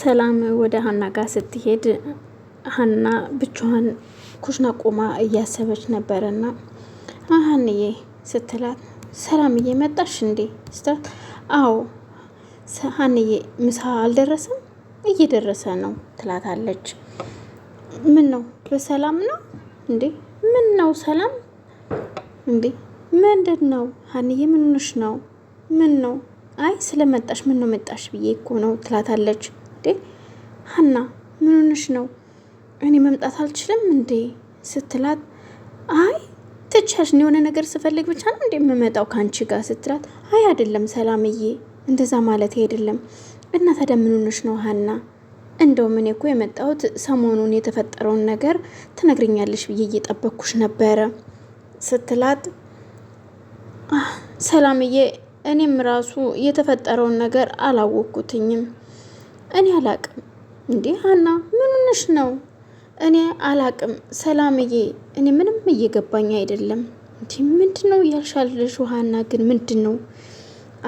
ሰላም ወደ ሀና ጋር ስትሄድ ሀና ብቻዋን ኩሽና ቆማ እያሰበች ነበረና ሀንዬ ስትላት ሰላምዬ መጣሽ እንዴ ስትላት አዎ ሀንዬ ምሳ አልደረሰም እየደረሰ ነው ትላታለች ምን ነው በሰላም ነው እንዴ ምን ነው ሰላም እንዴ ምንድን ነው ሀንዬ ምንሽ ነው ምን ነው አይ ስለመጣሽ ምን ነው መጣሽ ብዬ እኮ ነው ትላታለች እንዴ ሀና ምን ሆነሽ ነው? እኔ መምጣት አልችልም እንዴ ስትላት፣ አይ ትቻሽን የሆነ ነገር ስፈልግ ብቻ ነው እንዴ የምመጣው ከአንቺ ጋር ስትላት፣ አይ አይደለም ሰላምዬ፣ እንደዛ ማለት አይደለም። እና ታዲያ ምን ሆነሽ ነው ሀና? እንደውም እኔ እኮ የመጣሁት ሰሞኑን የተፈጠረውን ነገር ትነግርኛለሽ ብዬ እየጠበኩሽ ነበረ ስትላት፣ ሰላምዬ እኔም ራሱ የተፈጠረውን ነገር አላወቅኩትኝም እኔ አላቅም። እንዴ ሀና ምንሽ ነው? እኔ አላቅም ሰላምዬ፣ እኔ ምንም እየገባኝ አይደለም። እንዲ ምንድን ነው ያልሻለሽ? ሀና ግን ምንድን ነው?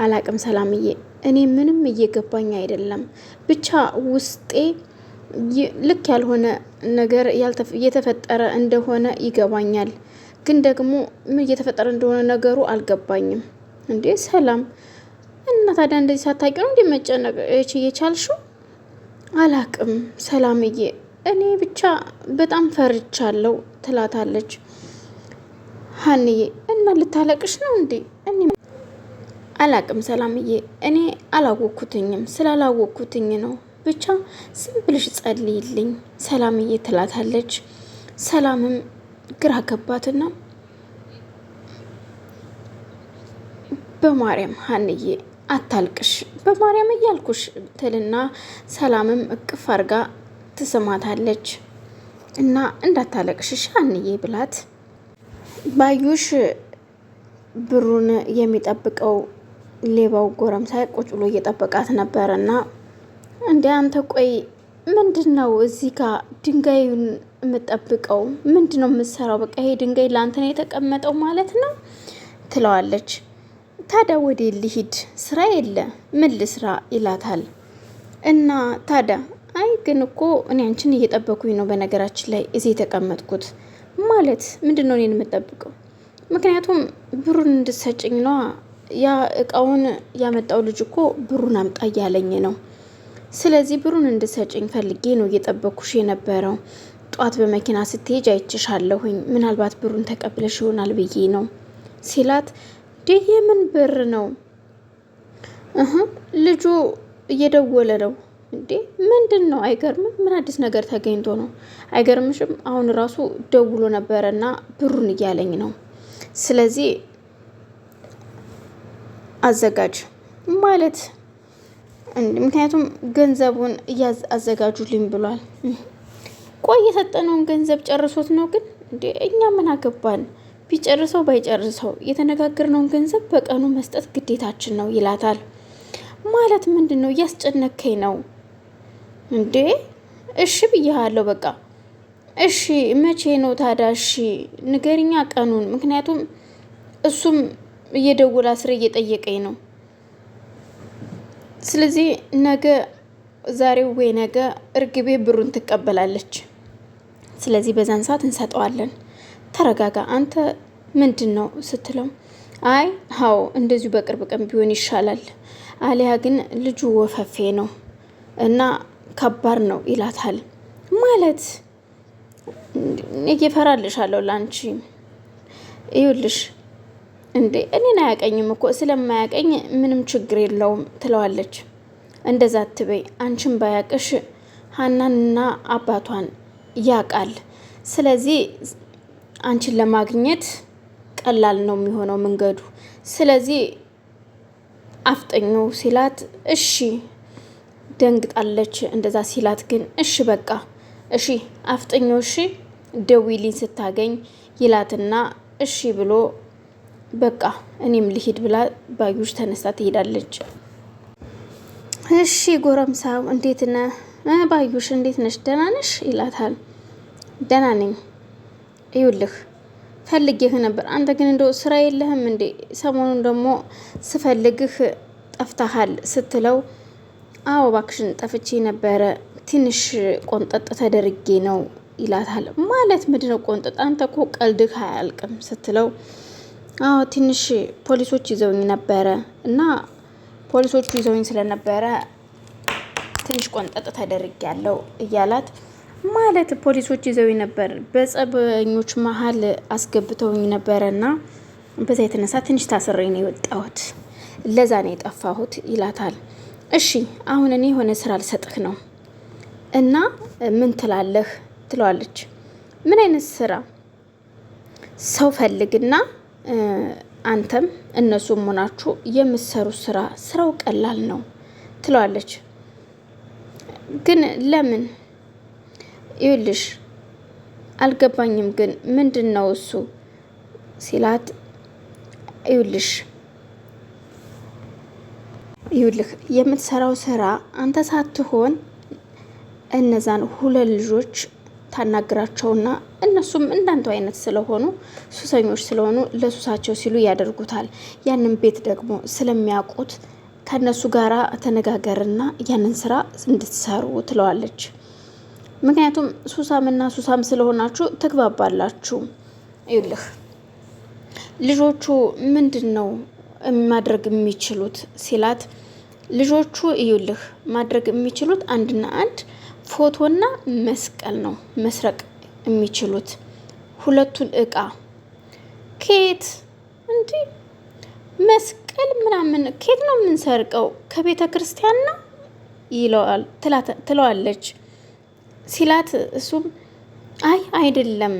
አላቅም ሰላምዬ፣ እኔ ምንም እየገባኝ አይደለም። ብቻ ውስጤ ልክ ያልሆነ ነገር እየተፈጠረ እንደሆነ ይገባኛል፣ ግን ደግሞ ምን እየተፈጠረ እንደሆነ ነገሩ አልገባኝም። እንዴ ሰላም እና ታዲያ እንደዚህ ሳታቂ ነው እንዲ መጨነቅ የቻልሽው? አላቅም ሰላምዬ፣ እኔ ብቻ በጣም ፈርቻለሁ ትላታለች ሀንዬ። እና ልታለቅሽ ነው እንዴ? እኔ አላቅም ሰላምዬ፣ እኔ አላወኩትኝም ስላላወኩትኝ ነው። ብቻ ዝም ብልሽ ጸልይልኝ ሰላምዬ ትላታለች። ሰላምም ግራ ገባትና በማርያም ሀንዬ አታልቅሽ በማርያም እያልኩሽ ትልና ሰላምም እቅፍ አርጋ ትስማታለች። እና እንዳታለቅሽሽ አንዬ ብላት ባዩሽ ብሩን የሚጠብቀው ሌባው ጎረምሳ ቁጭ ብሎ እየጠበቃት ነበር። እና እንዲ አንተ ቆይ ምንድን ነው እዚህ ጋ ድንጋዩን የምጠብቀው? ምንድን ነው የምሰራው? በቃ ይሄ ድንጋይ ለአንተ ነው የተቀመጠው ማለት ነው ትለዋለች። ታዲያ ወዴ ልሂድ ስራ የለ ምን ልስራ ይላታል። እና ታዲያ አይ ግን እኮ እኔ አንቺን እየጠበኩኝ ነው። በነገራችን ላይ እዚህ የተቀመጥኩት ማለት ምንድን ነው እኔን የምጠብቀው? ምክንያቱም ብሩን እንድትሰጭኝ ነዋ። ያ እቃውን ያመጣው ልጅ እኮ ብሩን አምጣ እያለኝ ነው። ስለዚህ ብሩን እንድትሰጭኝ ፈልጌ ነው እየጠበኩሽ የነበረው። ጧት በመኪና ስትሄጅ አይችሻለሁኝ። ምናልባት ብሩን ተቀብለሽ ይሆናል ብዬ ነው ሲላት እንዴ የምን ብር ነው? ልጁ እየደወለ ነው እንዴ? ምንድን ነው? አይገርምም? ምን አዲስ ነገር ተገኝቶ ነው? አይገርምሽም? አሁን ራሱ ደውሎ ነበረ እና ብሩን እያለኝ ነው። ስለዚህ አዘጋጅ ማለት ምክንያቱም ገንዘቡን እያዘጋጁልኝ ብሏል። ቆይ የሰጠነውን ገንዘብ ጨርሶት ነው ግን እንዴ? እኛ ምን አገባን? ቢጨርሰው ባይጨርሰው የተነጋገርነውን ገንዘብ በቀኑ መስጠት ግዴታችን ነው ይላታል። ማለት ምንድን ነው እያስጨነከኝ ነው እንዴ? እሺ ብያሃለሁ በቃ እሺ። መቼ ነው ታዲያ? እሺ ንገርኛ ቀኑን። ምክንያቱም እሱም እየደወለ አስሬ እየጠየቀኝ ነው። ስለዚህ ነገ ዛሬው ወይ ነገ እርግቤ ብሩን ትቀበላለች። ስለዚህ በዛን ሰዓት እንሰጠዋለን። ተረጋጋ አንተ ምንድን ነው ስትለው፣ አይ አዎ እንደዚሁ በቅርብ ቀን ቢሆን ይሻላል፣ አሊያ ግን ልጁ ወፈፌ ነው እና ከባድ ነው ይላታል። ማለት አለው ለአንቺ ይውልሽ እንዴ እኔን አያቀኝም እኮ ስለማያቀኝ ምንም ችግር የለውም ትለዋለች። እንደዛ ትበይ አንቺን ባያቅሽ ሀናንና አባቷን ያቃል። ስለዚህ አንቺን ለማግኘት ቀላል ነው የሚሆነው መንገዱ። ስለዚህ አፍጠኙ ሲላት እሺ ደንግጣለች። እንደዛ ሲላት ግን እሺ በቃ እሺ አፍጠኙ እሺ ደዊሊን ስታገኝ ይላትና እሺ ብሎ በቃ እኔም ልሂድ ብላ ባዩሽ ተነስታ ትሄዳለች። እሺ ጎረምሳው እንዴት ነ ባዩሽ እንዴት ነሽ ደህና ነሽ ይላታል። ደህና ነኝ ይውልህ ፈልጌህ ነበር። አንተ ግን እንደው ስራ የለህም እንዴ? ሰሞኑን ደግሞ ስፈልግህ ጠፍተሃል ስትለው አዎ ባክሽን ጠፍቼ ነበረ ትንሽ ቆንጠጥ ተደርጌ ነው ይላታል። ማለት ምድነው ቆንጠጥ? አንተ እኮ ቀልድህ አያልቅም ስትለው አዎ ትንሽ ፖሊሶች ይዘውኝ ነበረ እና ፖሊሶቹ ይዘውኝ ስለነበረ ትንሽ ቆንጠጥ ተደርጌ ያለው እያላት ማለት ፖሊሶች ይዘው ነበር፣ በጸበኞች መሀል አስገብተውኝ ነበረና በዛ የተነሳ ትንሽ ታስሬ ነው የወጣሁት፣ ለዛ ነው የጠፋሁት ይላታል። እሺ አሁን እኔ የሆነ ስራ ልሰጥህ ነው እና ምን ትላለህ ትለዋለች። ምን አይነት ስራ? ሰው ፈልግና አንተም እነሱም ሆናችሁ የምትሰሩት ስራ። ስራው ቀላል ነው ትለዋለች። ግን ለምን ይልሽ አልገባኝም፣ ግን ምንድን ነው እሱ ሲላት፣ ይልሽ ይልህ የምትሰራው ስራ አንተ ሳትሆን እነዛን ሁለት ልጆች ታናግራቸውና እነሱም እንዳንተው አይነት ስለሆኑ ሱሰኞች ስለሆኑ ለሱሳቸው ሲሉ ያደርጉታል። ያንን ቤት ደግሞ ስለሚያውቁት ከእነሱ ጋራ ተነጋገርና ያንን ስራ እንድትሰሩ ትለዋለች። ምክንያቱም ሱሳምና ሱሳም ስለሆናችሁ ትግባባላችሁ። ይልህ ልጆቹ ምንድን ነው ማድረግ የሚችሉት ሲላት፣ ልጆቹ ይልህ ማድረግ የሚችሉት አንድና አንድ ፎቶና መስቀል ነው መስረቅ የሚችሉት ሁለቱን እቃ ኬት እንዲ መስቀል ምናምን ኬት ነው የምንሰርቀው ከቤተ ክርስቲያን ነው ይለዋል ትለዋለች። ሲላት እሱም አይ አይደለም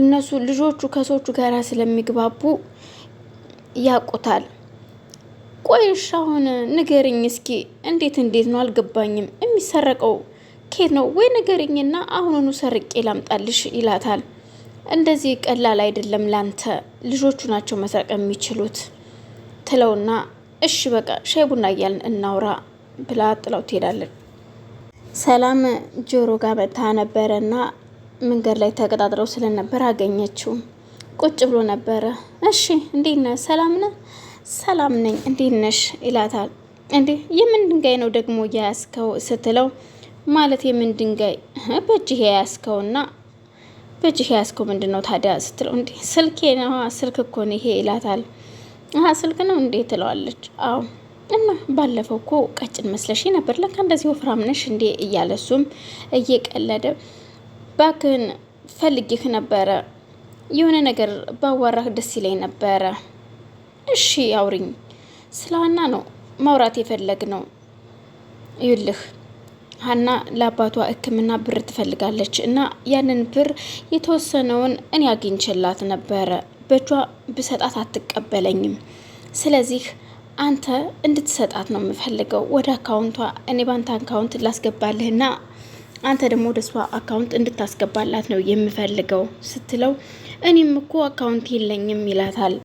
እነሱ ልጆቹ ከሰዎቹ ጋር ስለሚግባቡ ያውቁታል። ቆይሽ አሁን ንገርኝ እስኪ እንዴት እንዴት ነው አልገባኝም። የሚሰረቀው ኬት ነው ወይ ንገርኝና አሁኑኑ ሰርቄ ላምጣልሽ ይላታል። እንደዚህ ቀላል አይደለም ላንተ፣ ልጆቹ ናቸው መስረቅ የሚችሉት ትለውና እሺ በቃ ሻይ ቡና እያልን እናውራ ብላ ጥለው ትሄዳለች። ሰላም ጆሮ ጋር መታ ነበረ እና መንገድ ላይ ተቀጣጥረው ስለነበር አገኘችው። ቁጭ ብሎ ነበረ። እሺ እንዴት ነህ? ሰላም ነህ? ሰላም ነኝ። እንዴት ነሽ? ይላታል። እንዴ የምን ድንጋይ ነው ደግሞ የያዝከው? ስትለው ማለት የምን ድንጋይ በእጅህ የያዝከውና በእጅህ የያዝከው ምንድን ነው ታዲያ? ስትለው እንዴ ስልኬ ነዋ፣ ስልክ እኮ ነው ይሄ ይላታል። አሀ ስልክ ነው እንዴ ትለዋለች። አዎ እና ባለፈው እኮ ቀጭን መስለሽ ነበር ለካ እንደዚህ ወፍራም ነሽ እንዴ? እያለ እሱም እየቀለደ ባክን ፈልጌህ ነበረ፣ የሆነ ነገር ባዋራህ ደስ ይለኝ ነበረ። እሺ አውሪኝ፣ ስለ ሀና ነው ማውራት የፈለግ ነው። ይልህ ሀና ለአባቷ ህክምና ብር ትፈልጋለች እና ያንን ብር የተወሰነውን እኔ አግኝቼላት ነበረ። በእጇ ብሰጣት አትቀበለኝም። ስለዚህ አንተ እንድትሰጣት ነው የምፈልገው ወደ አካውንቷ። እኔ ባንተ አካውንት ላስገባልህና አንተ ደግሞ ወደ እሷ አካውንት እንድታስገባላት ነው የምፈልገው ስትለው እኔም እኮ አካውንት የለኝም ይላታል።